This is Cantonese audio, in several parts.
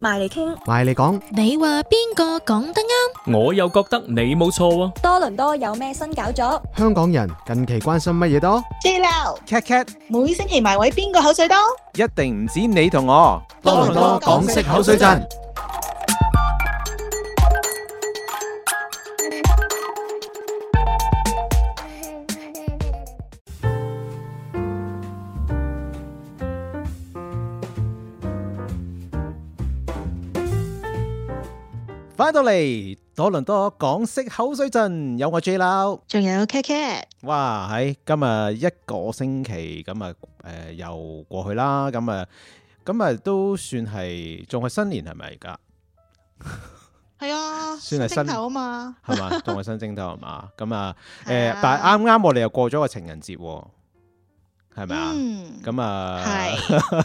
埋嚟傾，埋嚟講，你話邊個講得啱？我又覺得你冇錯。多倫多有咩新搞作？香港人近期關心乜嘢多？JLau、Kat Kat，每星期埋位邊個口水多？一定唔止你同我。多倫多港式口水陣。翻到嚟多倫多港式口水陣，有我 J 佬，仲有 K K。哇喺今日一個星期咁啊，誒、嗯呃、又過去啦，咁、嗯嗯嗯、啊，咁啊都算係仲係新年係咪而家？係啊，算係新正頭啊嘛，係嘛，仲係新正頭啊嘛。咁啊， 誒、嗯，但係啱啱我哋又過咗個情人節，係咪啊？咁啊是，係，咁、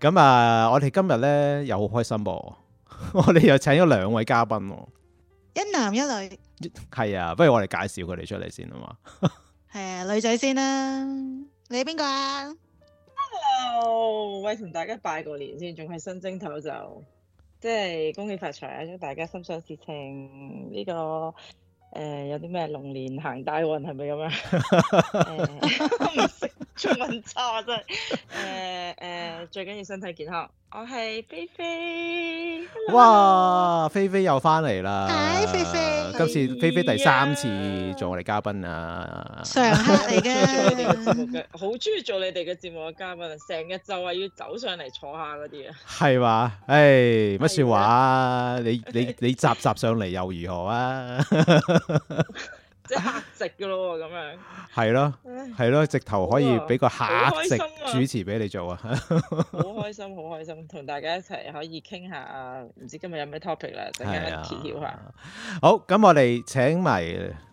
嗯、啊、 嗯，我哋今日咧又好開心噃、啊。我哋又請咗兩位嘉賓，一男一女，係啊，不如我哋介紹佢哋出嚟先啊嘛。係 啊，女仔先啦，你邊個啊？Hello，喂同大家拜個年先，仲係新正頭就，即、就、係、是、恭喜發財啊！祝大家心想事成，呢、這個誒、呃、有啲咩龍年行大運係咪咁樣？ 仲 出文差真係，誒誒，最緊要身體健康。我係菲菲，Hello, 哇，菲菲又翻嚟啦！係菲菲！今次菲菲呀第三次做我哋嘉賓啊！常客嚟㗎，好中意做你哋嘅節目嘅，好中意做你哋嘅節目嘅嘉賓，成日就話要走上嚟坐下嗰啲啊！係嘛？誒乜説話你你你 Kat Kat 上嚟又如何啊？ 即係客席噶咯喎，咁樣係咯，係咯， 直頭可以俾個客席主持俾你做啊！ 好開心，好開心，同大家一齊可以傾下，唔知今日有咩 topic 啦，等間揭曉下、啊。好，咁我哋請埋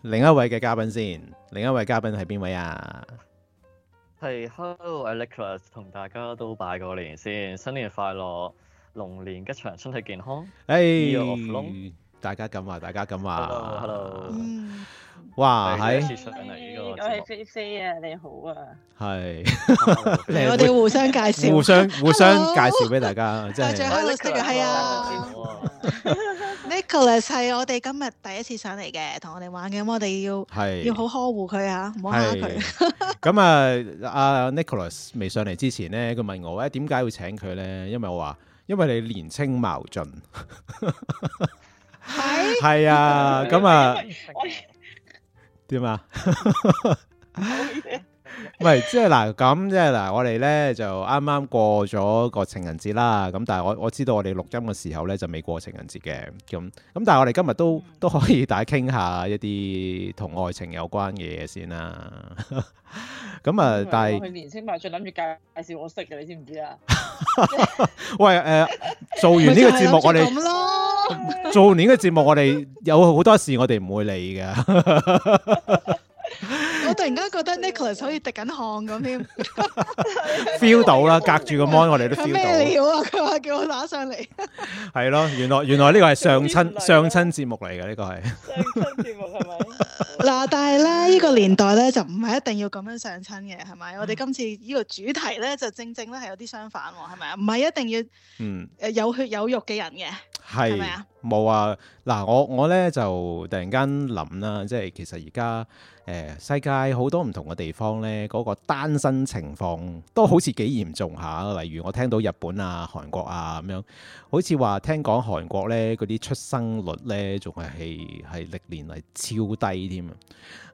另一位嘅嘉賓先，另一位嘉賓係邊位啊？係 Hello，Alex c 同大家都拜個年先過，新年快樂，龍年吉祥，身體健康。哎 Year of Long 大家咁話！大家咁話 Hello，Hello，哇喺我係菲菲啊，你好啊，係，我哋互相介紹，互相互相介紹俾大家，即係最 Hi，Nicholas 係啊，Nicholas 係我哋今日第一次上嚟嘅、同我哋玩嘅，咁我哋要係要好呵護佢啊！唔好嚇佢。咁啊，阿 Nicholas 未上嚟之前呢，佢問我咧點解會請佢咧？因為我話，因為你年青貌俊。係係是啊，咁、嗯、啊，點我啊？ 唔係，即係嗱，咁即係嗱，我哋咧就啱啱過咗個情人節啦。咁但係我我知道我哋錄音嘅時候咧就未過情人節嘅。咁咁但係我哋今日都都可以大家傾下一啲同愛情有關嘅嘢先啦。咁啊，但係年青派最諗住介介紹我識嘅，你知唔知啊？喂，誒，做完呢個節目我哋，做年嘅節目我哋有好多事我哋唔會理嘅。我突然間覺得 Nikolas 好似滴緊汗咁，添 feel 到啦， 隔住個 mon 我哋都 feel 到。佢咩料啊？佢話叫我打上嚟。係 咯，原來原來呢個係上親 上親節目嚟嘅，呢個係。上親節目係咪？嗱 吧，但係咧呢個年代咧就唔係一定要咁樣上親嘅，係咪？嗯、我哋今次呢個主題咧就正正咧係有啲相反喎，係咪啊？唔係一定要嗯誒有血有肉嘅人嘅，係啊？冇啊！嗱，我我咧就突然間諗啦，即係其實而家。誒世界好多唔同嘅地方咧，嗰、嗰個單身情況都好似幾嚴重吓。例如我聽到日本啊、韓國啊咁樣，好似話聽講韓國咧嗰啲出生率咧仲係係歷年係超低添啊。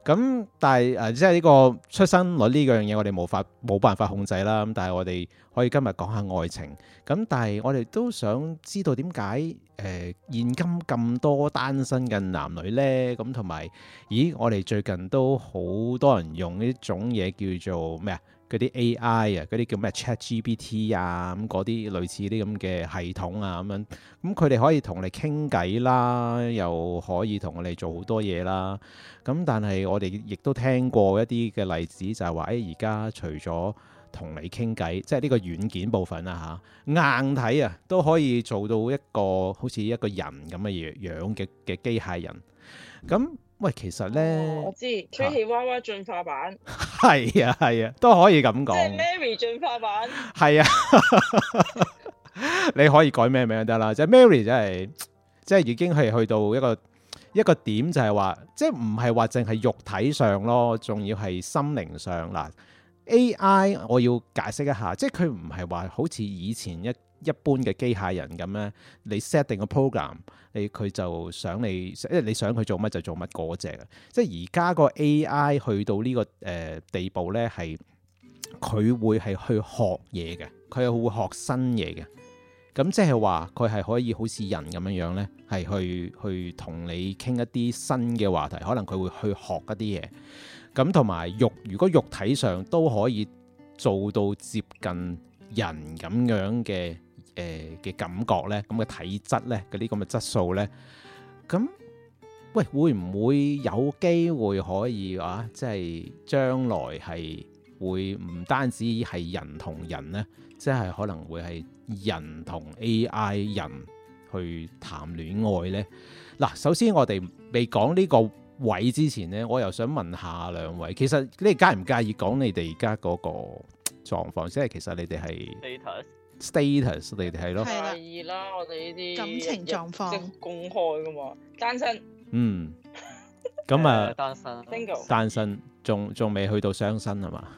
咁但係誒即係呢個出生率呢樣嘢，我哋冇法冇辦法控制啦。咁但係我哋可以今日講下愛情。咁但係我哋都想知道點解？誒、呃、現今咁多單身嘅男女呢，咁同埋，咦我哋最近都好多人用呢種嘢叫做咩啊？嗰啲 AI 啊，嗰啲叫咩 ChatGPT 啊，咁嗰啲類似啲咁嘅系統啊，咁樣，咁佢哋可以同你傾偈啦，又可以同我哋做好多嘢啦。咁但係我哋亦都聽過一啲嘅例子，就係話誒而家除咗同你傾偈，即係呢個軟件部分啦吓，硬體啊都可以做到一個好似一個人咁嘅樣嘅嘅機械人。咁喂，其實咧，我知吹、啊、氣，氣娃娃進化版係啊係啊，啊，都可以咁講。即係 Mary 進化版，係啊， 你可以改咩名得啦。即、就、係、是、Mary 係、就係，即、就、係、是、已經係去到一個一個點就係話，就係話，即係唔係話淨係肉體上咯，仲要係心靈上嗱。A.I. 我要解釋一下，即係佢唔係話好似以前一一般嘅機械人咁咧，你 set 定個 program，你佢就想你，即係你想佢做乜就做乜嗰隻。即係而家個 A.I. 去到呢、呢個誒、呃、地步呢，係佢會係去學嘢嘅，佢係會學新嘢嘅。咁即係話佢係可以好似人咁樣樣呢，係去去同你傾一啲新嘅話題，可能佢會去學一啲嘢。咁同埋肉，如果肉體上都可以做到接近人咁樣嘅嘅、呃、感覺咧，咁嘅體質咧，嗰啲咁嘅質素咧，咁喂，會唔會有機會可以話，即係將來係會唔單止係人同人咧，即係可能會係人同 AI 人去談戀愛咧？嗱，首先我哋未講呢個。位之前咧，我又想問下兩位，其實你哋介唔介意講你哋而家嗰個狀況？即係其實你哋係 status status 你哋係咯。介啦，我哋呢啲感情狀況公開噶嘛？單身。嗯。咁、嗯、啊，單身，single，單身，仲仲未去到雙身係嘛？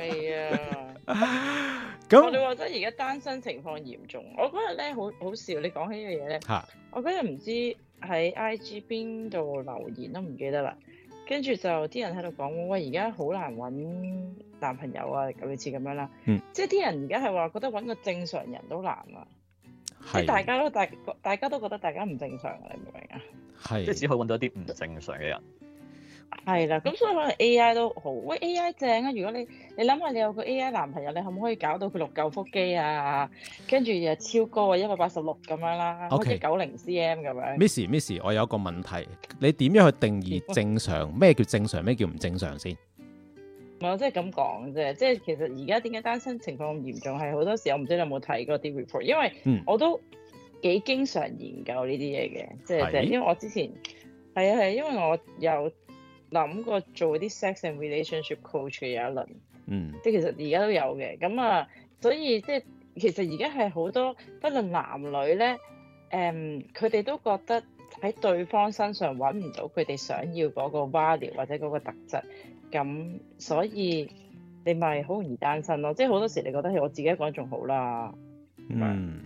未 啊。咁、 哦，你哋話真而家單身情況嚴重。 我嗰日咧好好笑，你講起呢個嘢咧， 我嗰日唔知。喺 IG 邊度留言都唔記得啦，跟住就啲人喺度講，喂，而家好難揾男朋友啊，類似咁樣啦。嗯，即係啲人而家係話覺得揾個正常人都難啦，即是大家都大大家都覺得大家唔正常，你明唔明啊？係是，只係揾到一啲唔正常嘅人。係啦，咁所以可能 A.I. 都好。喂，A.I. 正啊！如果你你諗下，你有個 A.I. 男朋友，你可唔可以搞到佢六嚿腹肌啊？跟住又超高啊，一百八十六咁樣啦，OK，一九零 C.M. 咁樣。Okay. 樣 Missy, Missy, 我有個問題，你點樣去定義正常？咩哇叫正常？咩叫唔正常先？唔係，我即係咁講啫，即係其實而家點解單身情況咁嚴重？係好多時候我唔知你有冇睇過啲 report，因為、嗯、我都幾經常研究呢啲嘢嘅，即係是因為我之前係啊係，因為我有。諗過做啲 sex and relationship coach 嘅有一輪，嗯，即係其實而家都有嘅，咁啊，所以即係其實而家係好多不論男女咧，誒、嗯，佢哋都覺得喺對方身上揾唔到佢哋想要嗰個 value 或者嗰個特質，咁所以你咪好容易單身咯，即係好多時你覺得係我自己一個人仲好啦，嗯，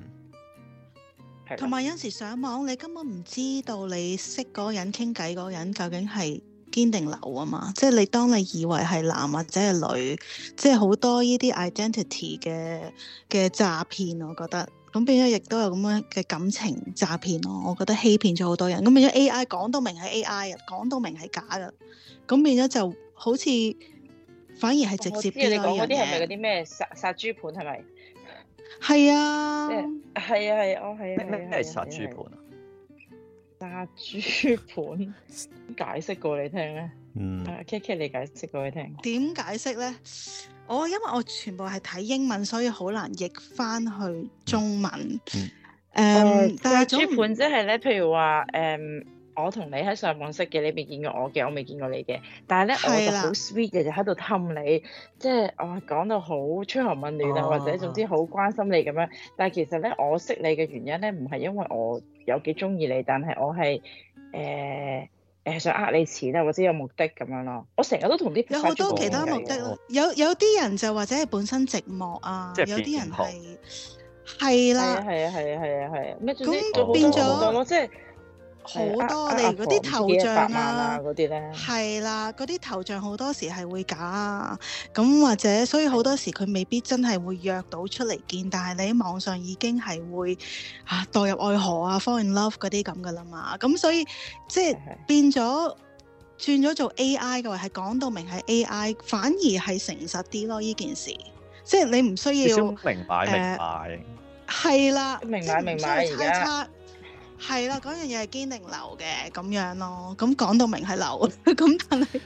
同埋吧有，有時上網你根本唔知道你識嗰個人傾偈嗰個人究竟係。堅定流啊嘛，即係你當你以為係男或者係女，即係好多呢啲 identity 嘅嘅詐騙，我覺得咁變咗亦都有咁樣嘅感情詐騙咯。我覺得欺騙咗好多人，咁變咗 AI 講到明係 AI 啊，講到明係假噶，咁變咗就好似反而係直接。即係你講嗰啲係咪嗰啲咩殺殺豬盤係咪？係啊，係啊係，我係咩咩殺豬盤啊？殺豬盤解釋過你聽咩？嗯啊？K K 你解釋過你聽點解釋咧？我因為我全部係睇英文，所以好難譯翻去中文。誒、嗯，殺豬盤即係咧，譬如話誒。嗯我同你喺上網識嘅，你未見過我嘅，我未見過你嘅。但係咧，我就好 sweet 嘅，就喺度氹你，即係我講到好噓寒問暖啊，或者總之好關心你咁樣。但係其實咧，我識你嘅原因咧，唔係因為我有幾中意你，但係我係誒誒想呃你錢啊，或者有目的咁樣咯。我成日都同啲有好多其他目的，有有啲人就或者係本身寂寞啊，有啲人係係啦，係啊係啊係啊係啊，咩總之做好多好多咯，即係。好多、啊啊、你嗰啲頭像啊，啲咧、啊，係啦、啊，嗰啲、啊、頭像好多時係會假啊。咁或者，所以好多時佢未必真係會約到出嚟見，但係你喺網上已經係會啊墮入愛河啊，fall in love 嗰啲咁噶啦嘛。咁所以即係變咗轉咗做 AI 嘅話，係講到明係 AI，反而係誠實啲咯。呢件事即係你唔需要明白明白係啦、呃，啊、明白明白猜猜。係啦，嗰樣嘢係堅定流嘅咁樣咯，咁講到明係流，咁但係，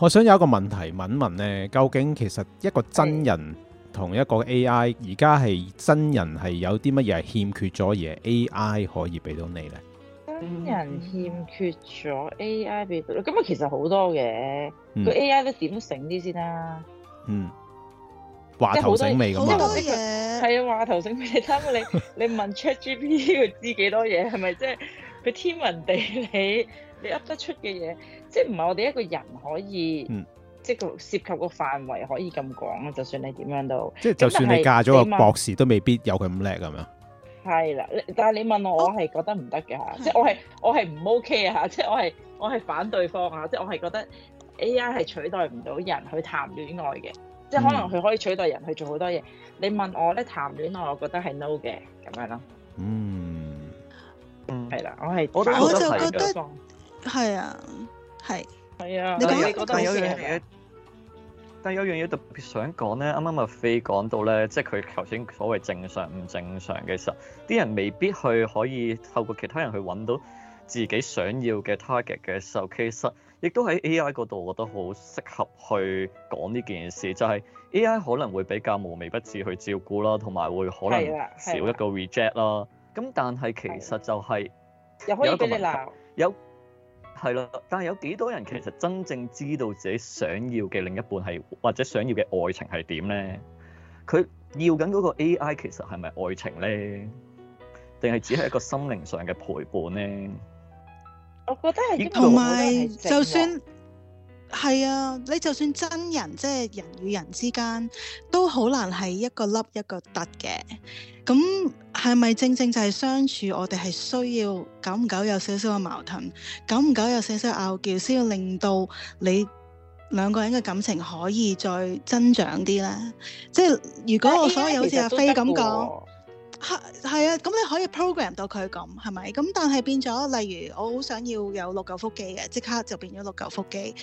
我想有一個問題問一問咧，究竟其實一個真人同一個 AI 而家係真人係有啲乜嘢係欠缺咗，而 AI 可以俾到你咧？真人欠缺咗 AI 俾到，咁啊其實好多嘅，個 AI 都點醒啲先啦。嗯。話頭醒尾咁啊！係啊，話頭醒尾。睇下你你問 ChatGPT 佢知幾多嘢，係咪即係佢天文地理，你噏得出嘅嘢，即係唔係我哋一個人可以，即係個涉及個範圍可以咁廣啊！就算你點樣都，即係就算你嫁咗個博士都未必有佢咁叻，係咪啊？係啦，但係你問我，我係覺得唔得嘅吓，即係我係我係唔 OK 啊！即係我係我係反對方啊！即係我係覺得 AI 係取代唔到人去談戀愛嘅。即係可能佢可以取代人去做好多嘢。嗯、你問我咧，談戀愛，我覺得係 no 嘅咁樣咯。嗯，嗯，係啦，我係我我就覺得係個啊，係，係啊。說我但係有樣嘢，但係有樣嘢特別想講咧。啱啱阿菲講到咧，即係佢頭先所謂正常唔正常嘅時候，啲人未必去可以透過其他人去揾到自己想要嘅 target 嘅時候，其實，亦都喺 AI 嗰度，我覺得好適合去講呢件事，就係 AI 可能會比較無微不至去照顧啦，同埋會可能少一個 reject 啦。咁但係其實就係有一個問題，有係啦，但係有幾多人其實真正知道自己想要嘅另一半係或者想要嘅愛情係點咧？佢要緊嗰個 AI 其實係咪愛情咧？定係只係一個心靈上嘅陪伴咧？我覺得係一個，同埋就算係啊，你就算真人，即係人與人之間，都好難係一個凹一個凸嘅。咁係咪正正就係相處？我哋係需要久唔久有少少嘅矛盾，久唔久有少少拗撬，先要令到你兩個人嘅感情可以再增長啲咧。即係、啊、如果我所有好似阿飛咁講。係啊，咁你可以 program 到佢咁係咪？咁但係變咗，例如我好想要有六嚿腹肌嘅，即刻就變咗六嚿腹肌。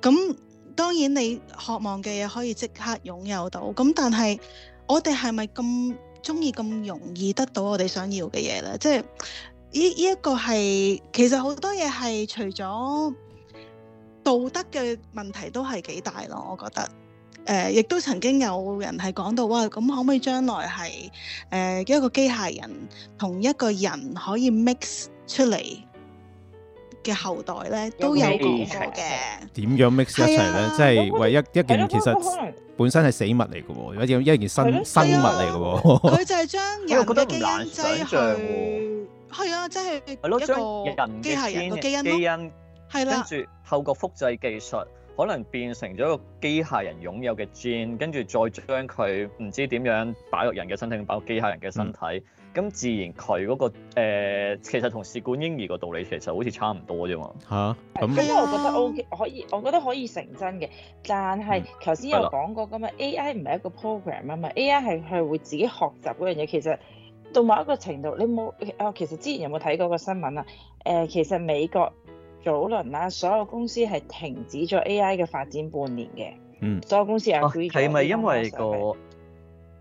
咁當然你渴望嘅嘢可以即刻擁有到。咁但係我哋係咪咁中意咁容易得到我哋想要嘅嘢呢？即係呢呢一個係其實好多嘢係除咗道德嘅問題都係幾大咯，我覺得。誒，亦都、呃、曾經有人係講到哇，咁可唔可以將來係誒、呃、一個機械人同一個人可以 mix 出嚟嘅後代咧，都有過嘅。點樣 mix 一齊咧？啊、即係唯一一件其實本身係死物嚟嘅喎，一一件新生、啊、生物嚟嘅喎。佢、啊、就係將有機基因、就是，真係係啊，即係一個機械人嘅基，基因，基因係啦，跟住透過複製技術。可能變成咗一個機械人擁有嘅 gene 跟住再將佢唔知點樣擺落人嘅身體，擺落機械人嘅身體，咁、嗯、自然佢嗰、那個、呃、其實同試管嬰兒個道理其實好似差唔多啫嘛嚇。咁因為我覺得 O、OK, K 可以，我覺得可以成真嘅。但係頭先有講過㗎嘛，AI 唔係一個 program 啊嘛，AI 係係會自己學習嗰樣嘢。其實到某一個程度，你冇啊，其實之前有冇睇過個新聞啊？誒、啊，其實美國。早輪啦，所有公司係停止咗 AI 嘅發展半年嘅。嗯。所有公司啊 agree 咗。係咪因為個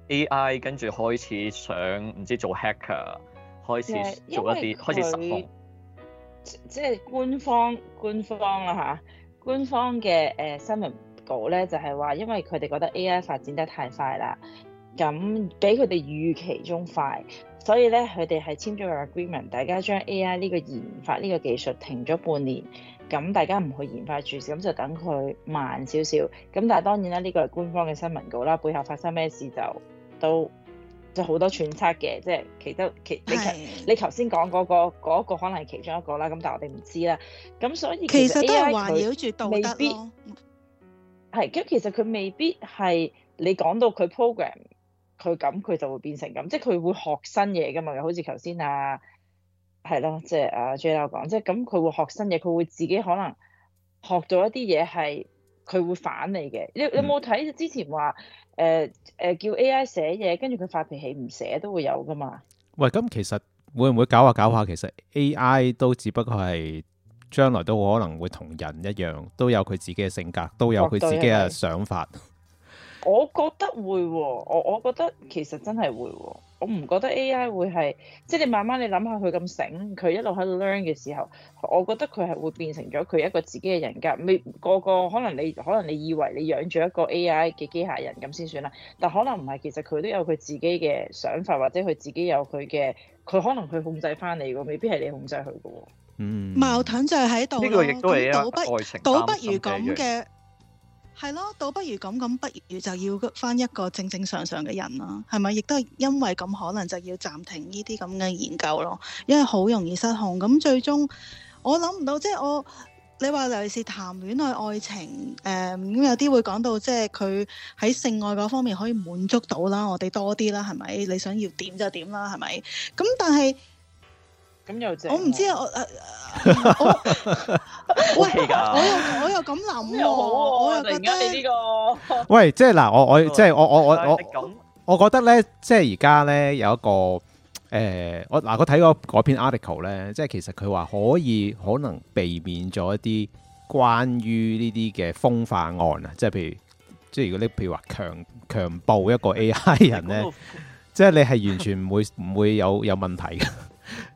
AI 跟住開始想唔知做 hacker，開始做一啲開始失控？即係官方官方啦嚇，官方嘅誒、啊、新聞稿咧就係話，因為佢哋覺得 AI 發展得太快啦，咁比佢哋預期中快。所以咧，佢哋係簽咗個 agreement，大家將 A.I. 呢個研發呢個技術停咗半年，咁大家唔去研發住，咁就等佢慢少少。咁但係當然啦，呢個係官方嘅新聞稿啦，背後發生咩事就都就好多揣測嘅，即係其都其你頭先講嗰個可能係其中一個啦。咁但係我哋唔知啦。咁所以其實, AI 未必其實都係環繞住道德咯。係，咁其實佢未必係你講到佢 program。佢咁佢就會變成咁，即係佢會學新嘢㗎嘛。好似頭先啊，係咯，啊，即係阿 Jia 講，即係咁佢會學新嘢，佢會自己可能學咗一啲嘢係佢會反你嘅。你你有冇睇之前話誒誒叫 AI 寫嘢，跟住佢發脾氣唔寫都會有㗎嘛？喂，咁其實會唔會搞下搞下，其實 AI 都只不過係將來都可能會同人一樣，都有佢自己嘅性格，都有佢自己嘅想法。我覺得會喎、哦，我我覺得其實真係會喎、哦，我唔覺得 AI 會係，即係你慢慢你諗下佢咁醒，佢一路喺度 learn 嘅時候，我覺得佢係會變成咗佢一個自己嘅人格。未個個可能你可能你以為你養住一個 AI 嘅機械人咁先算啦，但可能唔係，其實佢都有佢自己嘅想法，或者佢自己有佢嘅，佢可能佢控制翻你嘅，未必係你控制佢嘅。嗯、矛盾就喺度，呢個亦都係一個愛情啱心嘅、嗯。係咯，倒不如咁，咁不如就要返一個正正常常嘅人啦，係咪？亦都係因為咁，可能就要暫停呢啲咁嘅研究咯，因為好容易失控。咁最終我諗唔到，即係我你話尤其是談戀愛、愛情，誒、嗯，咁有啲會講到，即係佢喺性愛嗰方面可以滿足到啦，我哋多啲啦，係咪？你想要點就點啦，係咪？咁但係。咁又我唔知啊！我喂，我又我又咁諗，我又覺得你呢個喂，即係嗱，我、 就是，我即係我我我我，我覺得咧，即係而家咧有一個誒、呃，我嗱，我睇過嗰篇 article 咧，即係其實佢話可以可能避免咗一啲關於呢啲嘅風化案啊，即、就、係、是、譬如即係如果你，就是，譬如話強強暴一個 AI 人咧，即係 你係完全唔會唔 會有有問題嘅。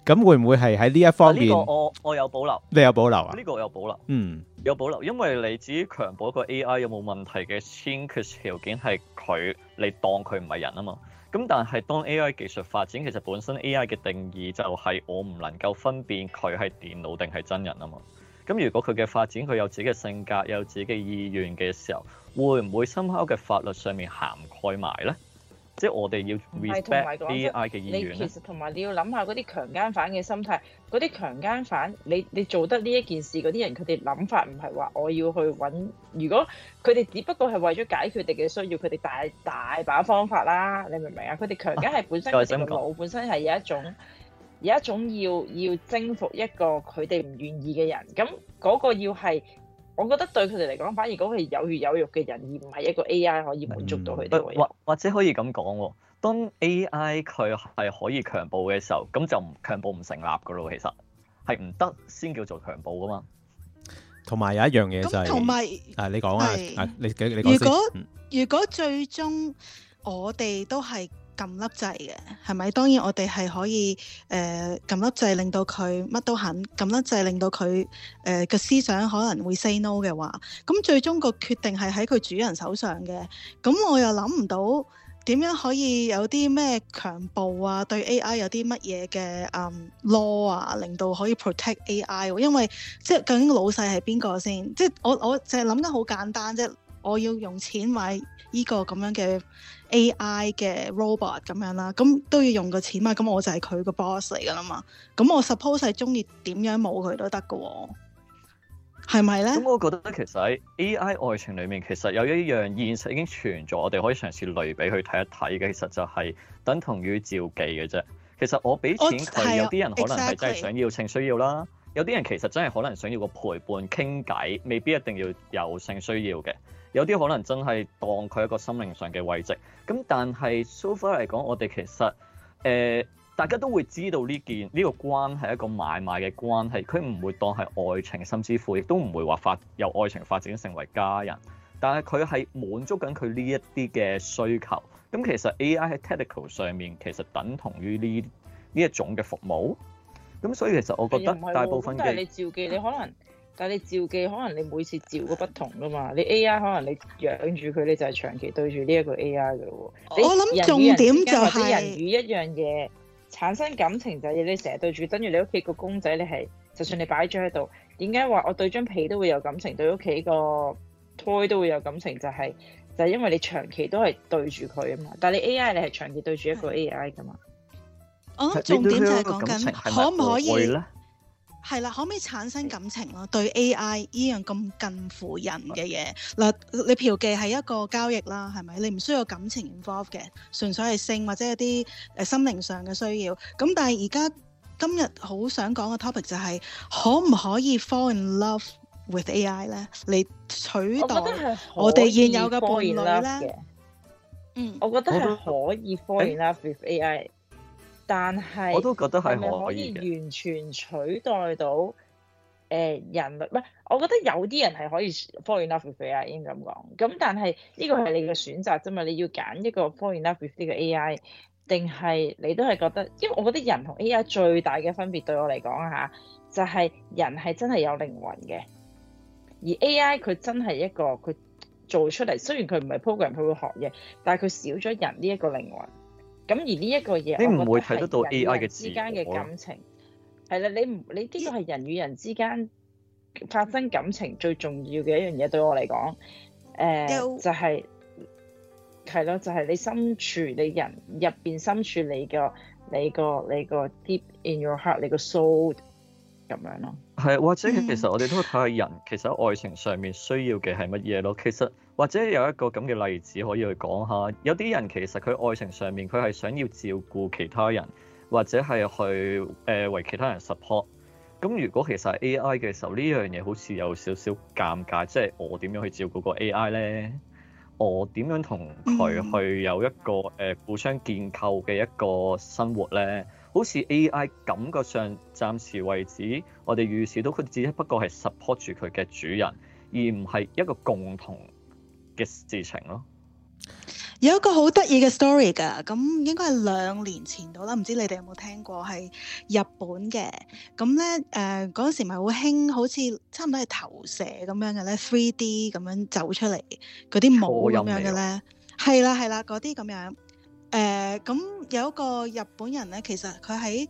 咁會唔會係喺呢一方面？呢、啊，這個、我我有保留。你有保留啊？呢個我有保留，嗯，有保留，因為你自己強保一個 AI 有冇問題嘅先決條件係佢，你當佢唔係人啊嘛。咁但係當 AI 技術發展，其實本身 AI 嘅定義就係我唔能夠分辨佢係電腦定係真人啊嘛。咁如果佢嘅發展，佢有自己嘅性格，有自己嘅意願嘅時候，會唔會深刻嘅法律上面涵蓋埋呢？即係我哋要同埋 s p I 嘅演員，說說的意，你其實同埋你要諗下嗰啲強姦犯嘅心態，嗰啲強姦犯，你你做得呢一件事嗰啲人，佢哋諗法唔係話我要去揾，如果佢哋只不過係為咗解決佢哋嘅需要，佢哋大大把方法啦。你明唔明啊？佢哋強姦係本身條腦本身係有一種有一種要要征服一個佢哋唔願意嘅人，咁嗰個要係。我覺得對佢哋嚟講，反而嗰個係有血有肉嘅人，而唔係一個 AI 可以滿足到佢哋。或、嗯、或者可以咁講喎，當 AI 佢係可以強暴嘅時候，咁就強暴唔成立噶咯。其實係唔得先叫做強暴噶嘛。同埋有，有一樣嘢就係、是，啊是你講啊是，你你你講如果、嗯、如果最終我哋都係。撳粒掣嘅係咪？當然我哋係可以誒撳粒掣，令到佢乜都肯，撳粒掣，令到佢誒個思想可能會 say no 嘅話，咁最終個決定係喺佢主人手上嘅。咁我又諗唔到點樣可以有啲咩強暴啊？對 AI 有啲乜嘢嘅嗯 law 啊，令到可以 protect AI？因為即係究竟老細係邊個先？即我我淨係諗得好簡單啫，我要用錢買依個咁樣嘅。A.I. 嘅 robot 咁樣啦，咁都要用個錢嘛，咁我就係佢個 boss 嚟噶啦嘛，咁我 suppose 係中意點樣冇佢都得噶喎，係咪咧？咁我覺得其實喺 A.I. 愛情裏面，其實有一樣現實已經存在，我哋可以嘗試類比去睇一睇嘅，其實就係等同於召妓嘅啫。其實我俾錢佢，啊、有啲人可能係真係想要，情需要啦。Exactly. 有啲人其實真係可能想要個陪伴傾偈，未必一定要有性需要嘅。有啲可能真係當佢一個心靈上嘅慰藉。咁但係 so far 嚟講，我哋其實誒、呃，大家都會知道呢件呢、呢個關係一個買賣嘅關係，佢唔會當係愛情，甚至乎亦都唔會話發由愛情發展成為家人。但係佢係滿足緊佢呢一啲嘅需求。咁其實 AI 喺 technical 上面，其實等同於呢呢一,一種嘅服務。咁所以其實我覺得大部分嘅、哎，但、哦、你照記，你可能，但係你照記，可能你每次照個不同噶嘛。你 AI 可能你養住佢，你就係長期對住呢一個 AI 噶咯喎。我諗重點就係、是、人與一樣嘢產生感情，就係你成日對住，等於你屋企個公仔，你係就算你擺咗喺度，點解話我對張被都會有感情，對屋企個 toy 都會有感情、就是，就係就係因為你長期都係對住佢啊嘛。但你 AI 你係長期對住一個 AI 噶嘛。我諗、oh，重點就係講緊可唔可以係啦，可唔可以產生感情咯？的對 AI 依樣咁近乎人嘅嘢嗱，你嫖妓係一個交易啦，係咪？你唔需要感情 involve 嘅，純粹係性或者一啲誒心靈上嘅需要。咁但係而家今日好想講嘅 topic 就係、是、可唔可以 fall in love with AI 咧？嚟取代我哋現有嘅伴侶咧？嗯，我覺得係可以 fall in love with AI。但係，係咪可，可以完全取代到誒、欸、人類？唔、嗯、係，我覺得有啲人係可以 fall in love with AI 咁講。咁但係呢個係你嘅選擇啫嘛。你要揀一個 fall in love with 呢個 AI，定係你都係覺得？因為我覺得人同 AI 最大嘅分別，對我嚟講吓，就係、是、人係真係有靈魂嘅，而 AI 佢真係一個佢做出嚟。雖然佢唔係 program，佢會學嘢，但係佢少咗人呢一個靈魂。咁而呢一個嘢，你唔會睇得到 AI 嘅之間嘅感情，係啦、啊，你唔，你呢個係人與人之間發生感情最重要嘅一樣嘢，對我嚟講，誒就係係咯，就係、是就是、你深處，處你人入邊深處你個你個你個 deep in your heart，你個 soul 咁樣咯。係，或者其實我哋都睇下人，mm. 其實愛情上面需要嘅係乜嘢咯？其實。或者有一個咁嘅例子可以去講下。有啲人其實佢愛情上面佢係想要照顧其他人，或者係去誒為其他人 support。咁如果其實 A.I. 嘅時候呢樣嘢好似有少少尷尬，即係我點樣去照顧個 A.I. 呢？我點樣同佢去有一個誒互相建構嘅一個生活呢？好似 A.I. 感覺上暫時為止，我哋預視到佢只不過係 support 住佢嘅主人，而唔係一個共同嘅事情咯，有一個好得意嘅 story 噶，咁應該係兩年前到啦，唔知你哋有冇聽過？係日本嘅，咁咧誒嗰陣時咪好興，好似差唔多係投射咁樣嘅咧，three D 咁樣走出嚟嗰啲模咁樣嘅咧，係啦，係啦，嗰啲咁樣，誒、呃、咁有一個日本人咧，其實佢喺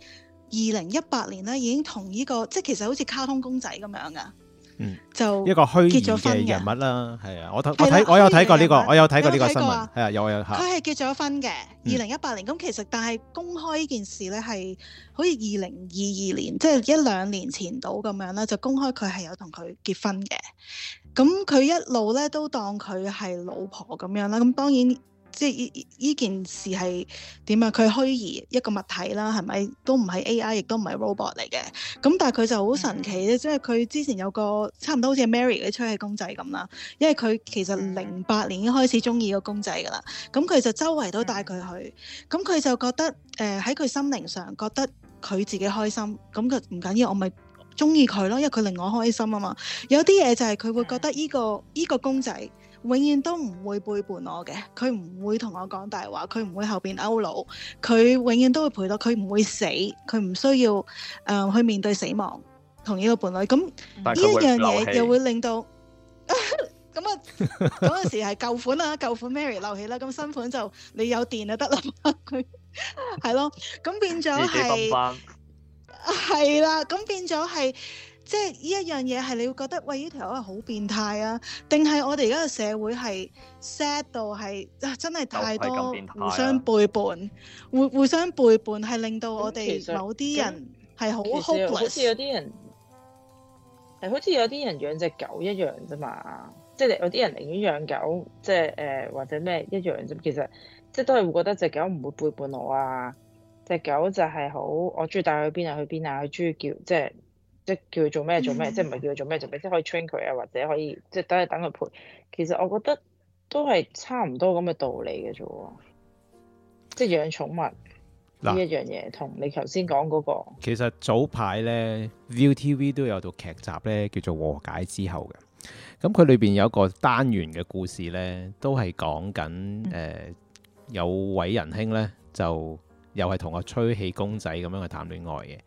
二零一八年咧已經同呢個即係其實好似卡通公仔咁樣噶。嗯、就結的、嗯、一個虛擬嘅人物啦，係啊的，我睇我睇我有睇過呢、呢個，我有睇過呢個新聞，係啊，有有。佢係結咗婚嘅，二零一八年。咁、嗯、其實但係公開呢件事呢，係好似二零二二年，即、就、係、是、一兩年前到咁樣啦，就公開佢係有同佢結婚嘅。咁佢一路呢，都當佢係老婆咁樣啦。咁當然。即係呢件事係點啊？佢虛擬一個物體啦，係咪都唔係 A.I.，亦都唔係 robot 嚟嘅。咁但係佢就好神奇咧，即係佢之前有個差唔多好似 Mary 嘅吹氣公仔咁啦。因為佢其實零八年已經開始中意個公仔噶啦。咁佢、mm hmm. 就周圍都帶佢去，咁佢就覺得誒喺佢心靈上覺得佢自己開心，咁佢唔緊要，我咪中意佢咯，因為佢令我開心啊嘛。有啲嘢就係佢會覺得呢、這個依、mm hmm. 個公仔。永遠都唔會背叛我嘅，佢唔會同我講大話，佢唔會後邊勾佬，佢永遠都會陪到，佢唔會死，佢唔需要誒、呃、去面對死亡同呢個伴侶。咁呢一樣嘢又會令到咁啊嗰陣時係舊款啦， 舊款 Mary 漏起啦，咁新款就你有電就得啦嘛，佢 係 咯，咁變咗係係啦，咁變咗係。即係呢一樣嘢係你會覺得，喂，呢條狗好變態啊？定係我哋而家個社會係 set 到係、啊、真係太多互相背叛，啊、互互相背叛係令到我哋某啲人係好 h o p e l e 好似有啲人係好似有啲人養隻狗一樣啫嘛，即係有啲人寧願養狗，即係誒、呃、或者咩一樣啫。其實即係都係會覺得隻狗唔會背叛我啊，隻狗就係好我中意帶佢去邊啊去邊啊，佢中意叫即係。即叫佢做咩做咩，嗯、即唔係叫佢做咩做咩，即可以 train 佢啊，或者可以即等係等佢陪。其實我覺得都係差唔多咁嘅道理嘅啫喎。即養寵物呢嘩一樣嘢，同你頭先講嗰個。其實早排咧 ViuTV 都有套劇集咧，叫做《和解之後》嘅。咁佢裏邊有個單元嘅故事咧，都係講緊誒有位仁兄咧就。又係同個吹氣公仔咁樣去談戀愛嘅，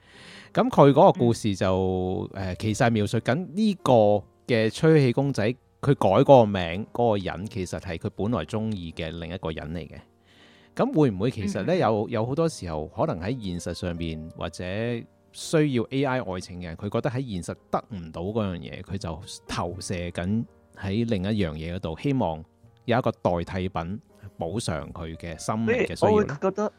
咁佢嗰個故事就誒、呃，其實係描述緊呢個嘅吹氣公仔，佢改嗰個名字，嗰、嗰個人其實係佢本來中意嘅另一個人嚟嘅。咁會唔會其實呢？有有好多時候，可能喺現實上面，或者需要 A I 愛情嘅人，佢覺得喺現實得唔到嗰樣嘢，佢就投射緊喺另一樣嘢嗰度，希望有一個代替品補償佢嘅心理嘅需要。所以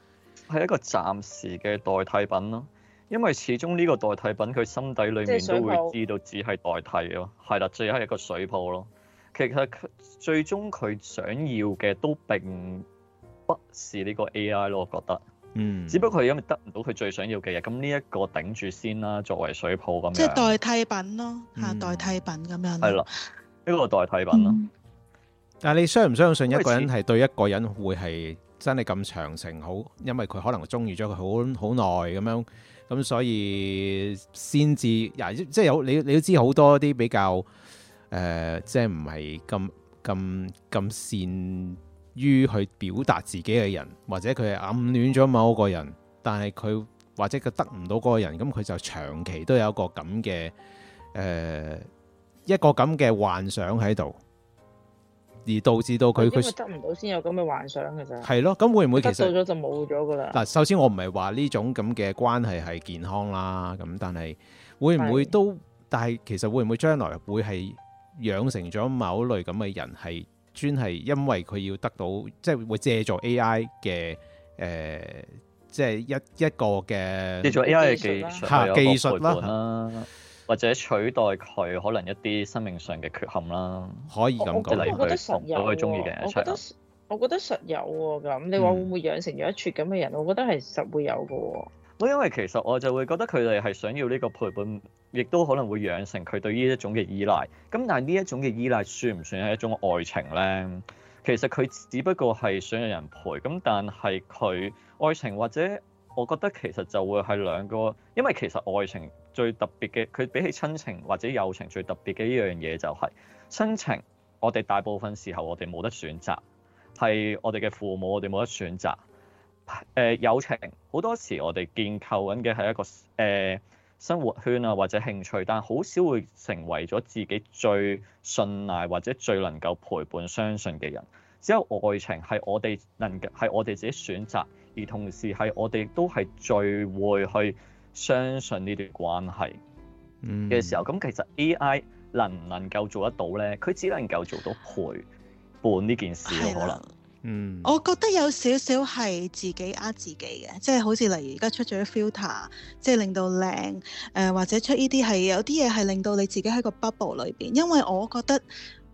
係一個暫時嘅代替品咯，因為始終呢個代替品佢心底裏面都會知道只係代替咯。係啦，只係一個水泡咯。其實最終佢想要嘅都並不是呢個 AI 咯，我覺得。嗯。只不過佢因為得唔到佢最想要嘅嘢，咁呢一個頂住先啦，作為水泡咁樣。即係代替品咯，吓、嗯、代替品咁樣。係啦，呢、這個代替品咯、嗯。但係你相唔相信一個人係對一個人會係？真係咁長情，好，因為佢可能中意咗佢好好耐咁樣，咁所以先至，呀，即係有你，你都知好多啲比較誒、呃，即係唔係咁咁咁善於去表達自己嘅人，或者佢暗戀咗某個人，但係佢或者佢得唔到嗰個人，咁佢就長期都有個咁嘅誒一個咁嘅、呃、幻想喺度。而導致到佢佢得唔到先有咁嘅幻想㗎啫，係咯？咁會唔會其實得咗就冇咗㗎啦？嗱，首先我唔係話呢種咁嘅關係係健康啦，咁但係會唔會都？係。但係其實會唔會將來會係養成咗某類咁嘅人係專係因為佢要得到，即係會借助 AI 嘅誒，即係一一個嘅藉助 AI 嘅技術技術啦。或者取代佢可能一啲生命上嘅缺陷啦，可以咁即係嚟佢，我會中意嘅人一齊。我覺得實有喎，咁你話會唔會養成咗一撮咁嘅人我？我覺得係實、嗯、實會有嘅喎。因為其實我就會覺得佢哋係想要呢個陪伴，亦都可能會養成佢對呢一種嘅依賴。咁但係呢一種嘅依賴算唔算係一種愛情咧？其實佢只不過係想有人陪，咁但係佢愛情或者。我覺得其實就會係兩個，因為其實愛情最特別嘅，佢比起親情或者友情最特別嘅一樣嘢就係親情，我哋大部分時候我哋冇得選擇，係我哋嘅父母，我哋冇得選擇。誒，友情好多時我哋建構緊嘅係一個誒生活圈啊，或者興趣，但好少會成為咗自己最信賴或者最能夠陪伴、相信嘅人。只有愛情係我哋能，係我哋自己選擇。而同時係我哋都係最會去相信呢段關係嘅時候，咁、嗯、其實 AI 能唔能夠做得到呢？佢只能夠做到陪伴呢件事的可能。嗯，我覺得有少少係自己呃自己嘅，即、就、係、是、好似例如而家出咗 filter，即係令到靚、呃、或者出呢啲係有啲嘢係令到你自己喺個 bubble 裏邊，因為我覺得。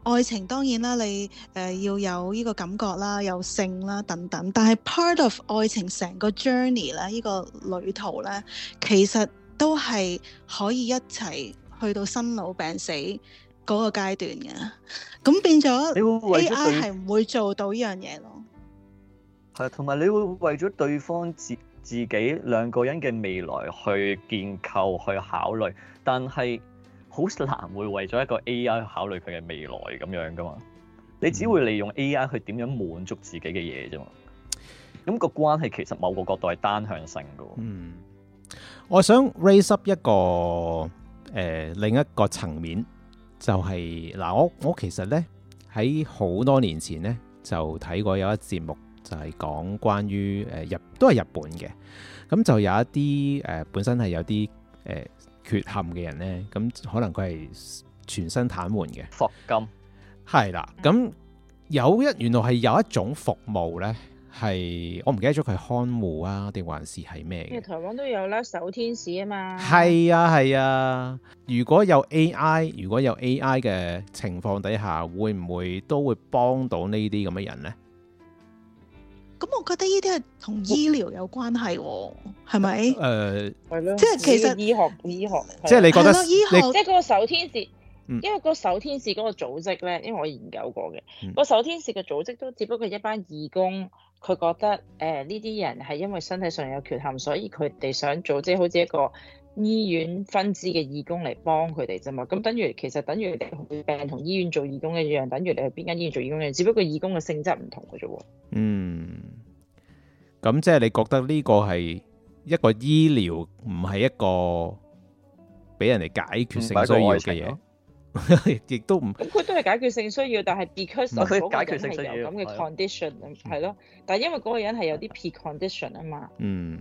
愛情當然啦，你誒、呃、要有呢個感覺啦，有性啦等等。但係 part of 愛情成個 journey 咧，呢、呢個旅途咧，其實都係可以一齊去到生老病死嗰個階段嘅。咁變咗，你 AI 係唔會做到呢樣嘢咯。係啊，同埋你會為咗對，對方自自己兩個人嘅未來去建構去考慮，但係。好難會為咗一個 AI 去考慮佢嘅未來咁樣噶嘛？你只會利用 AI 去點樣滿足自己嘅嘢啫嘛？咁個關係其實某個角度係單向性噶。嗯，我想 raise up 一個誒、呃、另一個層面，就係、是、嗱、呃，我我其實咧喺好多年前咧就睇過有一節目就是講，就係講關於誒日都係日本嘅，咁就有一啲誒、呃、本身係有啲誒。呃缺陷嘅人咧，咁可能佢係全身癱瘓嘅，霍金係啦。咁有一原來係有一種服務咧，係我唔記得咗佢看護啊，定還是係咩嘅？因為台灣都有啦，守天使啊嘛。係啊係啊，如果有 AI，如果有 AI 嘅情況底下，會唔會都會幫到呢啲咁嘅人咧？咁我覺得呢啲係同醫療有關係喎，係咪？誒，係咯，即係其實醫，醫學，醫學，即係你覺得醫學，即係你個守天使，嗯、因為個守天使嗰個組織咧，因為我研究過嘅，個、嗯、守天使嘅組織都只不過一班義工，佢覺得誒呢啲人係因為身體上有缺陷，所以佢哋想組織好似一個。醫院分支嘅義工嚟幫佢哋啫嘛，咁等於其實等於你同病人同醫院做義工一樣，等於你係邊間醫院做義工一樣，只不過義工嘅性質唔同嘅啫喎。嗯，咁即係你覺得呢個係一個醫療，唔係一個俾人哋解決性需要嘅嘢，亦 都唔咁佢都係解決性需要，但係 because 嗰個人係有咁嘅 condition，係咯、嗯，但係因為嗰個人係有啲 pre-condition 啊嘛。嗯。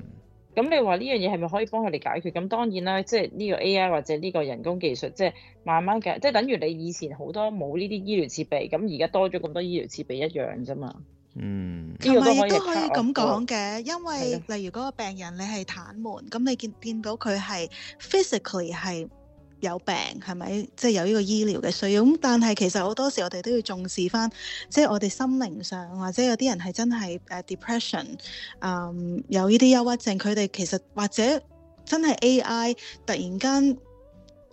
咁你話呢樣嘢係咪可以幫佢哋解決？咁當然啦，即係呢個 AI 或者呢個人工技術，即係慢慢嘅，即係等於你以前好多冇呢啲醫療設備，咁而家多咗咁多醫療設備一樣啫嘛。嗯，亦都都可以咁講嘅，因為例如嗰個病人你係癱瘓，咁的你見見到佢係 physically 係。有病係咪？即係有呢個醫療嘅需要咁，但係其實好多時我哋都要重視翻，即係我哋心靈上或者有啲人係真係誒 depression，嗯，有呢啲憂鬱症，佢哋其實或者真係 AI 突然間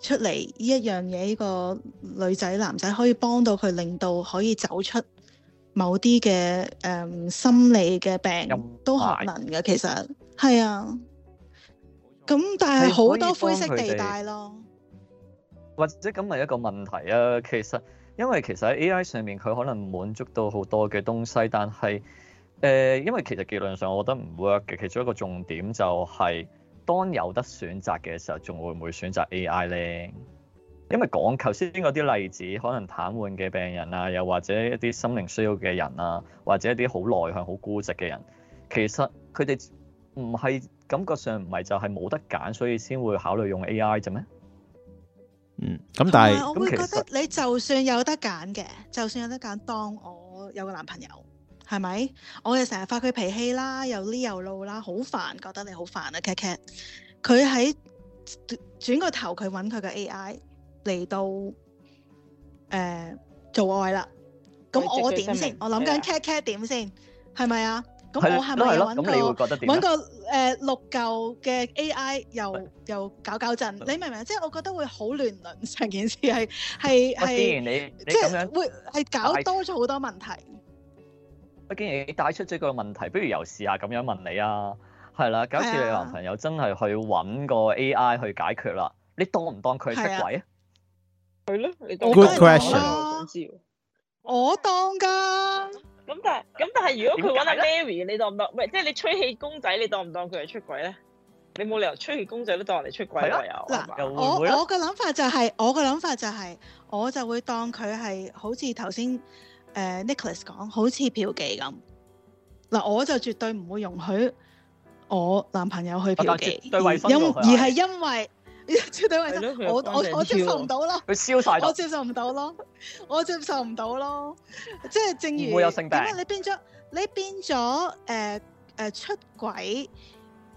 出嚟呢一樣嘢，呢個女仔男仔可以幫到佢，令到可以走出某啲嘅誒心理嘅病都可能嘅。其實係啊，咁但係好多灰色地帶咯。或者咁咪一個問題啊？其實因為其實喺 AI 上面佢可能滿足到好多嘅東西，但係誒、呃，因為其實結論上我覺得唔 work 嘅。其中一個重點就係、是、當有得選擇嘅時候，仲會唔會選擇 AI 咧？因為講頭先嗰啲例子，可能癱瘓嘅病人啊，又或者一啲心靈需要嘅人啊，或者一啲好內向、好孤寂嘅人，其實佢哋唔係感覺上唔係就係冇得揀，所以先會考慮用 AI 啫咩？嗯，咁但係，我會覺得你就算有得揀嘅，實就算有得揀，當我有個男朋友，係咪？我哋成日發佢脾氣啦，又呢又路啦，好煩，覺得你好煩啊 Kat Kat，佢喺轉個頭他他，佢搵佢個 AI 嚟到誒做愛啦。咁我點先？對我諗緊 Kat Kat 點先，係咪啊？Kat Kat 咁我係咪搵個搵個誒、呃、六嚿嘅 AI 又的又搞搞震？你明唔明？即係我覺得會好亂倫，成件事係係係。畢竟你，你即係會係搞多咗好多問題。畢竟你帶出咗個問題，不如又試下咁樣問你啊？係啦，假設你男朋友真係去搵個 AI 去解決啦，你當唔當佢出軌啊？係咯的，你當，當？Good question。我我當㗎。咁但係，咁但係，如果佢揾阿 Mary，你當唔當？唔係，即係你吹氣公仔，你當唔當佢係出軌咧？你冇理由吹氣公仔都當人哋出軌喎又我。我我嘅諗法就係、是，我嘅諗法就係、是，我就會當佢係好似頭先誒 Nikolas 講，好似嫖妓咁。嗱，我就絕對唔會容許我男朋友去嫖妓，因而係因為。 絕對維生，我我我接受唔到咯，佢燒曬，我接受唔到咯，我接受唔到咯， 即係正如點解你變咗你變咗誒誒出軌，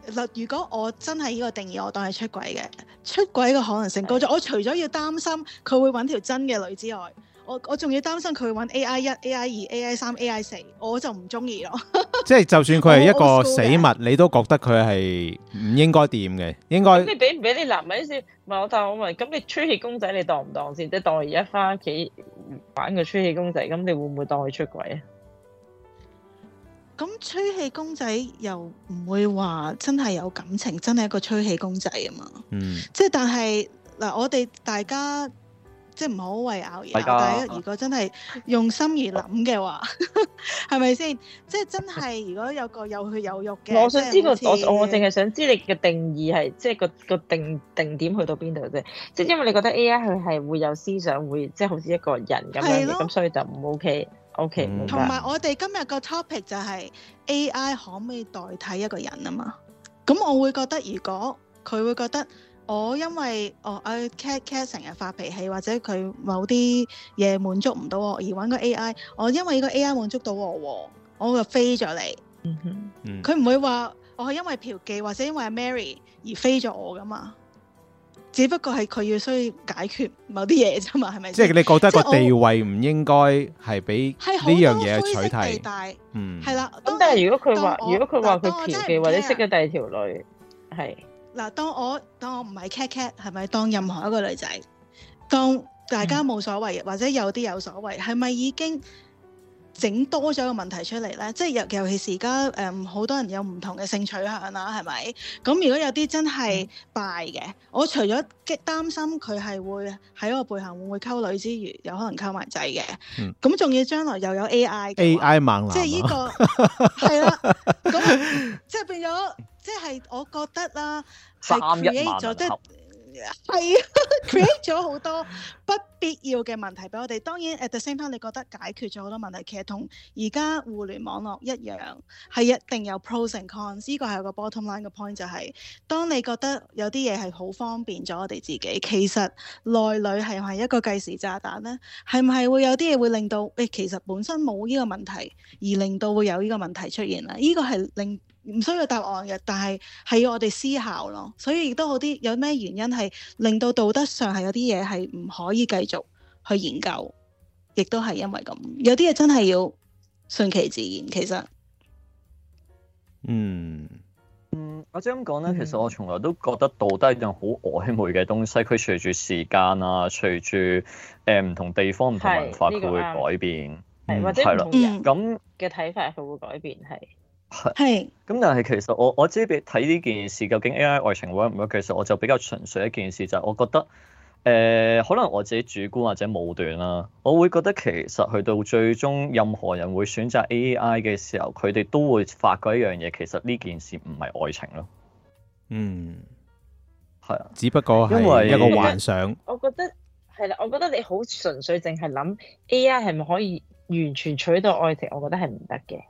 嗱如果我真係呢個定義，我當係出軌嘅，出軌嘅可能性高咗。的我除咗要擔心佢會揾條真嘅女之外，我我仲要擔心佢揾 AI 一、AI 二、AI 三、AI 四，我就唔中意咯。 即係就算佢係一個死物，你都覺得佢係唔應該掂嘅，應該。咁你俾唔俾你男仔先？唔係，我但係我問，咁你吹氣公仔你當唔當先？即係當我而家翻屋企玩個吹氣公仔，咁你會唔會當佢出軌啊？咁吹氣公仔又唔會話真係有感情，真係一個吹氣公仔啊嘛。嗯，即係但係嗱，我哋大家。即係唔好為拗而拗是，的但如果真係用心而諗嘅話，係咪先？即係真係如果有個有血有肉嘅，嗯、我想知個我我淨係想知你嘅定義係即係個個定定點去到邊度啫？即係因為你覺得 AI 佢係會有思想，會即係好似一個人咁樣，咁的所以就唔、嗯、OK OK。同埋我哋今日個 topic 就係、是、AI 可唔可以代替一個人啊嘛？咁我會覺得如果佢會覺得。我因為我阿 cat cat 成日發脾氣，或者佢某啲嘢滿足唔到我，而揾個 AI。我因為呢個 AI 滿足到我，我就飛咗你。佢唔、mm hmm. 會話我係因為嫖妓或者因為 Mary 而飛咗我噶嘛？只不過係佢要需要解決某啲嘢啫嘛，係咪？即係你覺得個以地位唔應該係俾呢樣嘢取替？我 ban, 嗯，係啦。咁但係如果佢話，如果佢話佢嫖妓或者識咗第二條女，係。嗱，當我當我唔係 Kat Kat，係咪當任何一個女仔，當大家冇所謂，或者有啲有所謂，係咪已經？整多咗個問題出嚟咧，即係尤尤其是而家誒，好多人有唔同嘅性取向啦，係咪？咁如果有啲真係敗嘅，嗯、我除咗擔心佢係會喺我背後會唔會溝女之餘，有可能溝埋仔嘅，咁仲、嗯、要將來又有 AI，AI 猛男，即係呢個係啦。咁即係變咗，即、就、係、是、我覺得啦，係 create 咗即。係啊，create 咗好多不必要嘅問題俾我哋。當然，at the same time，你覺得解決咗好多問題，其實同而家互聯網絡一樣，係一定有 pros and cons。依個係個 bottom line 嘅 point，就係、是、當你覺得有啲嘢係好方便咗我哋自己，其實內裏係唔係一個計時炸彈咧？係唔係會有啲嘢會令到誒、欸？其實本身冇呢個問題，而令到會有呢個問題出現啦。呢個係令。唔需要答案嘅，但係係要我哋思考咯。所以亦都好啲，有咩原因係令到道德上係有啲嘢係唔可以繼續去研究，亦都係因為咁。有啲嘢真係要順其自然。其實，嗯嗯，我即係咁講咧，嗯、其實我從來都覺得道德係一樣好曖昧嘅東西。佢隨住時間啊，隨住誒唔同地方唔同文化，佢、這個，會改變，係或者係咁嘅睇法，佢會改變係。嗯是係。咁但係其實我我自己睇呢件事究竟 A I 愛情 work 唔 work，其實我就比較純粹一件事就係、是、我覺得誒、呃，可能我自己主觀或者武斷啦，我會覺得其實去到最終任何人會選擇 A I 嘅時候，佢哋都會發覺一樣嘢，其實呢件事唔係愛情咯。嗯，係啊是，只不過係一個幻想。我覺得係啦，我覺得你好純粹淨係諗 A I 係咪可以完全取代愛情，我覺得係唔得嘅。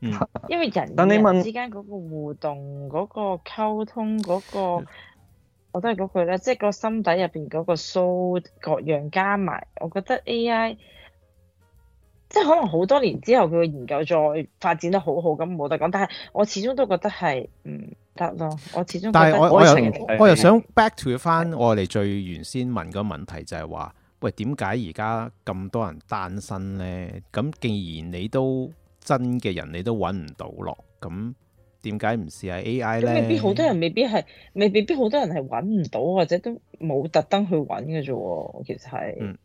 嗯、因為人同人之間嗰個互動、嗰個溝通、嗰個，我都係嗰句咧，即係個心底入邊嗰個蘇各樣加埋，我覺得 AI，即係可能好多年之後佢嘅研究再發展得好好咁冇得講，但係我始終都覺得係唔得咯。我始終但係我，我，我又我又想 back to 翻我哋最原先問個問題就係話，喂，點解而家咁多人單身咧？咁既然你都。真嘅人你都揾唔到咯，咁點解唔試下 AI 咧？未必好多人，未必係，未必，未必好多人係揾唔到，或者都冇特登去揾嘅啫喎。其實係，嗯，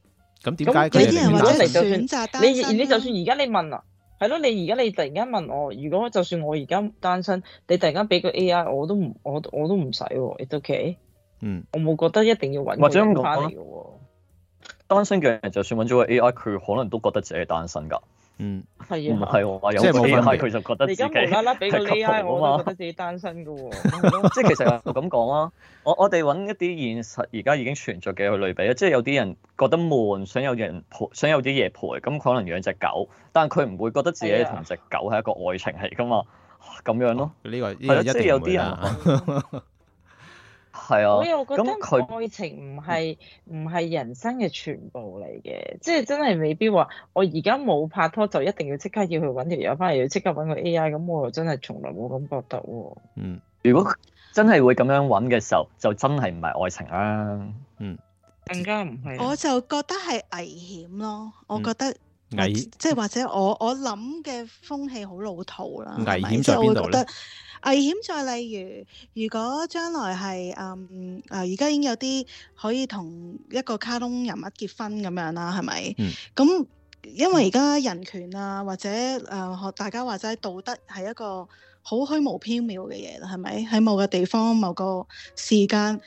咁點解？你而家你，你，你就算而家你問啊，係咯，你而家你突然間問我，如果就算我而家單身，你突然間俾個 AI 我都唔，我我都唔使喎。Okay，嗯，我冇覺得一定要揾個 partner 嘅喎。單身嘅人就算揾咗個 AI，佢可能都覺得自己係單身㗎。嗯，係啊，唔係我有錯啊，佢就覺得自己無啦啦俾個 AI，我覺得自己單身噶喎， 即係其實我咁講啦，我我哋搵一啲現實而家已經存在嘅去類比啊，即係有啲人覺得悶，想有人陪，想有啲嘢陪，咁可能養隻狗，但係佢唔會覺得自己同隻狗係一個愛情係噶嘛，咁樣咯，呢、啊這個呢、這個是 係啊，我又覺得愛情唔係唔係人生嘅全部嚟嘅，即係真係未必話我而家冇拍拖就一定要即刻要去揾條友翻嚟，要即刻揾個 AI，咁我又真係從來冇咁覺得喎。嗯，如果真係會咁樣揾嘅時候，就真係唔係愛情啦、啊。嗯，更加唔係。我就覺得係危險咯，我覺得、嗯。危險，即係或者我我諗嘅風氣好老土啦。危險在邊度咧？我會覺得，危險再例如，如果將來係嗯啊，而家已經有啲可以同一個卡通人物結婚咁樣啦，係咪？咁、嗯、因為而家人權啊，或者誒、呃，大家話齋道德係一個好虛無縹緲嘅嘢啦，係咪？喺某個地方、某個時間。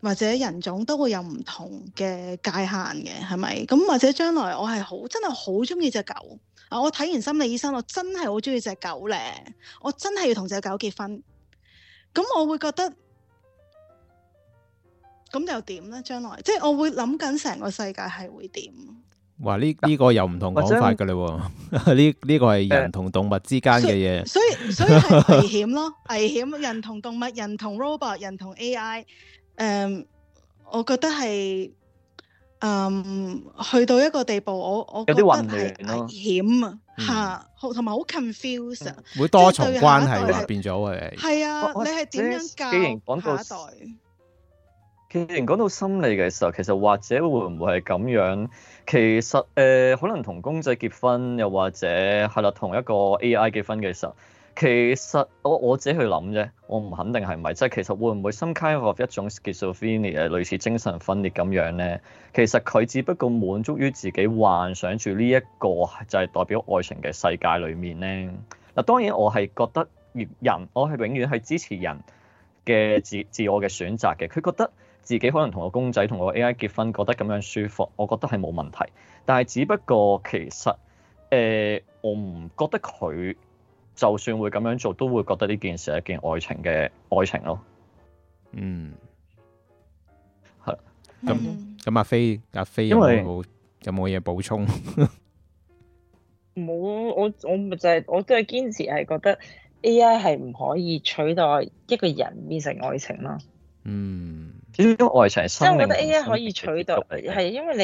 或者人種都會有唔同嘅界限嘅，係咪咁？或者將來我係好真係好中意隻狗啊！我睇完心理醫生，我真係好中意隻狗咧。我真係要同隻狗結婚咁，我會覺得咁又點咧？將來即係我會諗緊成個世界係會點？哇！呢呢、呢個又唔同講法㗎啦。呢呢想、呢個係人同動物之間嘅嘢，所以所以係危險咯。 危險人同動物，人同 robot，人同 AI。誒，um, 我覺得係，誒、um,，去到一個地步，我我覺得係危險啊嚇，同埋好 confusing，會多重關係變咗嘅。係啊，你係點樣教下一代？既然講到心理嘅時候，其實或者會唔會係咁樣？其實誒、呃，可能同公仔結婚，又或者係啦，同一個 AI 結婚嘅時候。其實我我自己去諗啫，我唔肯定係咪。即係其實會唔會 some kind of 一種 schizophrenia 類似精神分裂咁樣呢？其實佢只不過滿足於自己幻想住呢一個就係代表愛情嘅世界裏面呢。嗱，當然我係覺得人，我係永遠係支持人嘅自自我嘅選擇嘅。佢覺得自己可能同個公仔同個 AI 結婚，覺得咁樣舒服，我覺得係冇問題。但係只不過其實，誒、呃，我唔覺得佢。就算會咁樣做，都會覺得呢件事係一件愛情嘅愛情咯。嗯，係是。咁咁、嗯、阿菲，阿菲有冇有冇嘢為補充？冇， 我我咪就係，我都、就、係、是、堅持係覺得 AI 係唔可以取代一個人變成愛情咯。嗯。呢啲愛情係，即係我覺得 A.I. 可以取代，係因為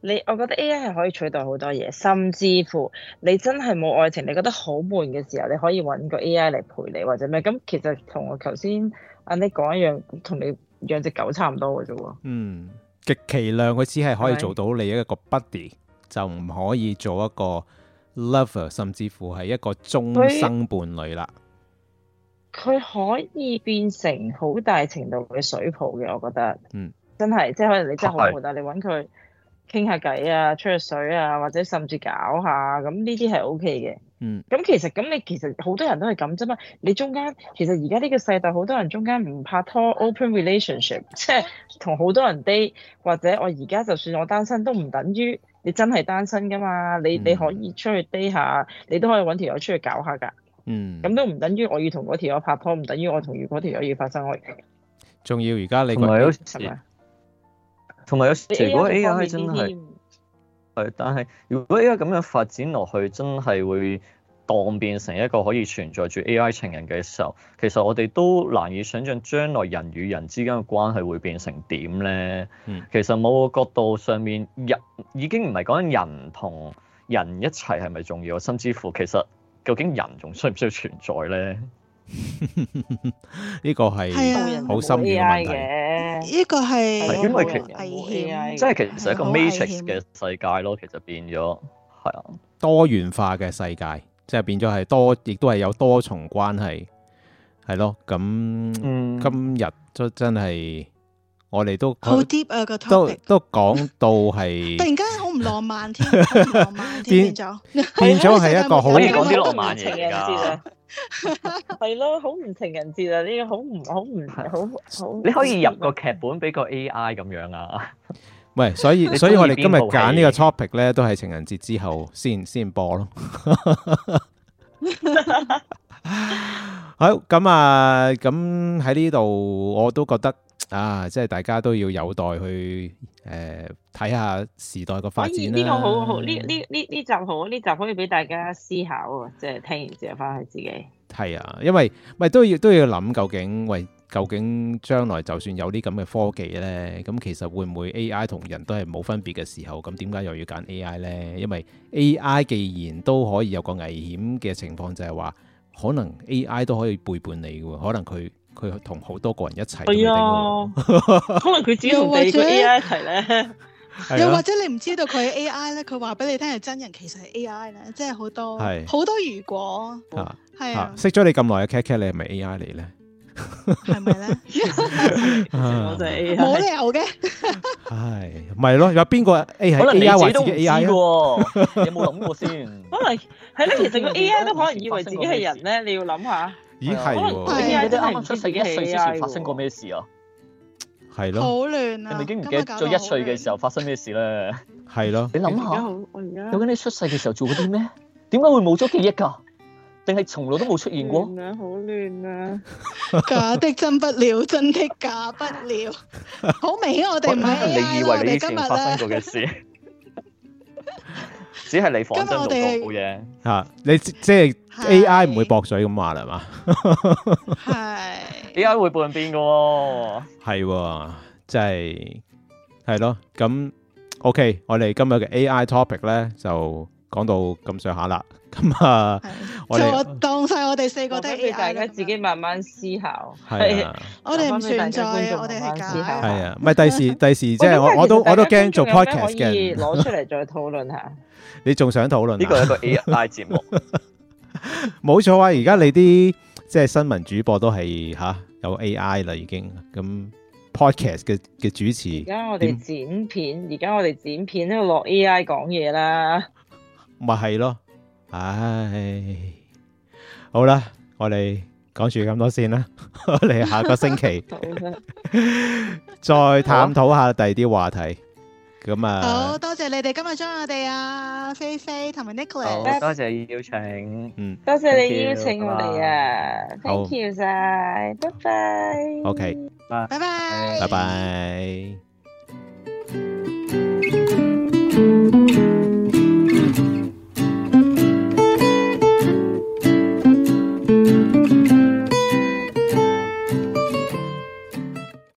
你你，我覺得 A.I. 係可以取代好多嘢，甚至乎你真係冇愛情，你覺得好悶嘅時候，你可以揾個 A.I. 嚟陪你或者咩？咁其實同我頭先阿 Nick 講一樣，同你養隻狗差唔多嘅啫喎。嗯，極其量佢只係可以做到你一個 buddy，的就唔可以做一個 lover，甚至乎係一個終生伴侶啦。佢可以變成好大程度嘅水泡嘅，我覺得，嗯，真係，即係可能你真係好悶啊，你揾佢傾下偈啊，吹下水啊，或者甚至搞下，咁呢啲係 O K 嘅，嗯，咁其實咁你其實好多人都係咁啫嘛。你中間其實而家呢個世代好多人中間唔拍拖，open relationship，即係同好多人 d a y 或者我而家就算我單身都唔等於你真係單身噶嘛。你你可以出去 d a y 下，嗯、你都可以揾條友出去搞下噶。嗯，咁都唔等於我要同嗰條友拍拖，唔等於我同嗰條友要發生愛情。仲要而家你同埋有，同埋有。如果 AI 真係係，但係如果 AI 咁樣發展落去，真係會當變成一個可以存在住 AI 情人嘅時候，其實我哋都難以想象將來人與人之間嘅關係會變成點咧？嗯，其實某個角度上面，人已經唔係講緊人同人一齊係咪重要，甚至乎其實。究竟人仲需唔需要存在咧？呢 個係好深遠嘅問題，呢、這個係因為其實即係其實一個 matrix 嘅世界咯，其實變咗係啊多元化嘅世界，即係變咗係多，亦都係有多重關係，係咯，咁今日都真係。我哋都好 deep 啊個 topic，都都講到係突然間好唔浪漫添，變咗變咗係一個好唔浪漫嘅情人節啊，係咯，好唔情人節啊呢個好唔好唔好好，你可以入個劇本俾個 AI 咁樣啊，唔係。所以所以我哋今日揀呢個 topic 咧，都係情人節之後先先播咯。好，咁啊，咁喺呢度我都覺得。啊，即係大家都要有待去誒睇下時代個發展啦。呢個好好呢呢呢集好，呢集可以俾大家思考，即係聽完之後翻去自己。係啊，因為咪都要都要諗究竟喂，究竟將來就算有啲咁嘅科技咧，咁其實會唔會 AI 同人都係冇分別嘅時候？咁點解又要揀 AI 咧？因為 AI 既然都可以有個危險嘅情況，就係話可能 AI 都可以背叛你嘅，可能佢。佢同好多個人一齊，係啊，可能佢只同你個 AI 一齊咧，又或者你唔知道佢係 AI 咧，佢話俾你聽係真人，其實係 AI 咧，即係好多，係好多如果，係啊，識咗你咁耐嘅 Kat Kat，你係咪 AI 嚟咧？係咪咧？我就係 AI，冇理由嘅，係咪咯？有邊個 AI？我覺得你自己都唔知喎，有冇諗過先？可能係咧，其實個 AI 都可能以為自己係人咧，你要諗下。咦係？你哋啱啱出世一歲之前發生過咩事啊？係咯，好亂啊！你哋記唔記得咗一歲嘅時候發生咩事咧？係咯，你諗下，我而家究竟你出世嘅時候做過啲咩？點解會冇咗記憶噶？定係從來都冇出現過？好亂啊！假的真不了，真的假不了，好明顯我哋唔係 A I 啦！你以為你以前發生過嘅事，只係你仿真做嘅嘢。啊，你即係。A I 唔會駁水咁話啦嘛，係點解會變變嘅？係即係係咯，咁 O K，我哋今日嘅 A I topic 咧就講到咁上下啦。咁啊，我當晒我哋四個都係大家自己慢慢思考，係我哋唔存在，我哋係假，係啊，唔係第時第時即係我我都我都驚做 podcast，可以攞出嚟再討論下。你仲想討論呢個係一個 A I 節目？冇錯啊！而家你啲即係新聞主播都係吓、啊、有 AI 啦，已經咁 Podcast 嘅嘅主持，而家我哋剪片，而家麼我哋剪片都落 AI 講嘢啦，咪係咯，唉、哎，好啦，我哋講住咁多先啦，嚟 下個星期 的 再探討一下第二啲話題。啊咁啊，好多謝你哋今日 join 我哋啊菲菲、同埋 Nikolas，好多謝邀請，嗯，多謝你邀請我哋啊，好，Thank you，拜拜，OK，拜拜，拜拜。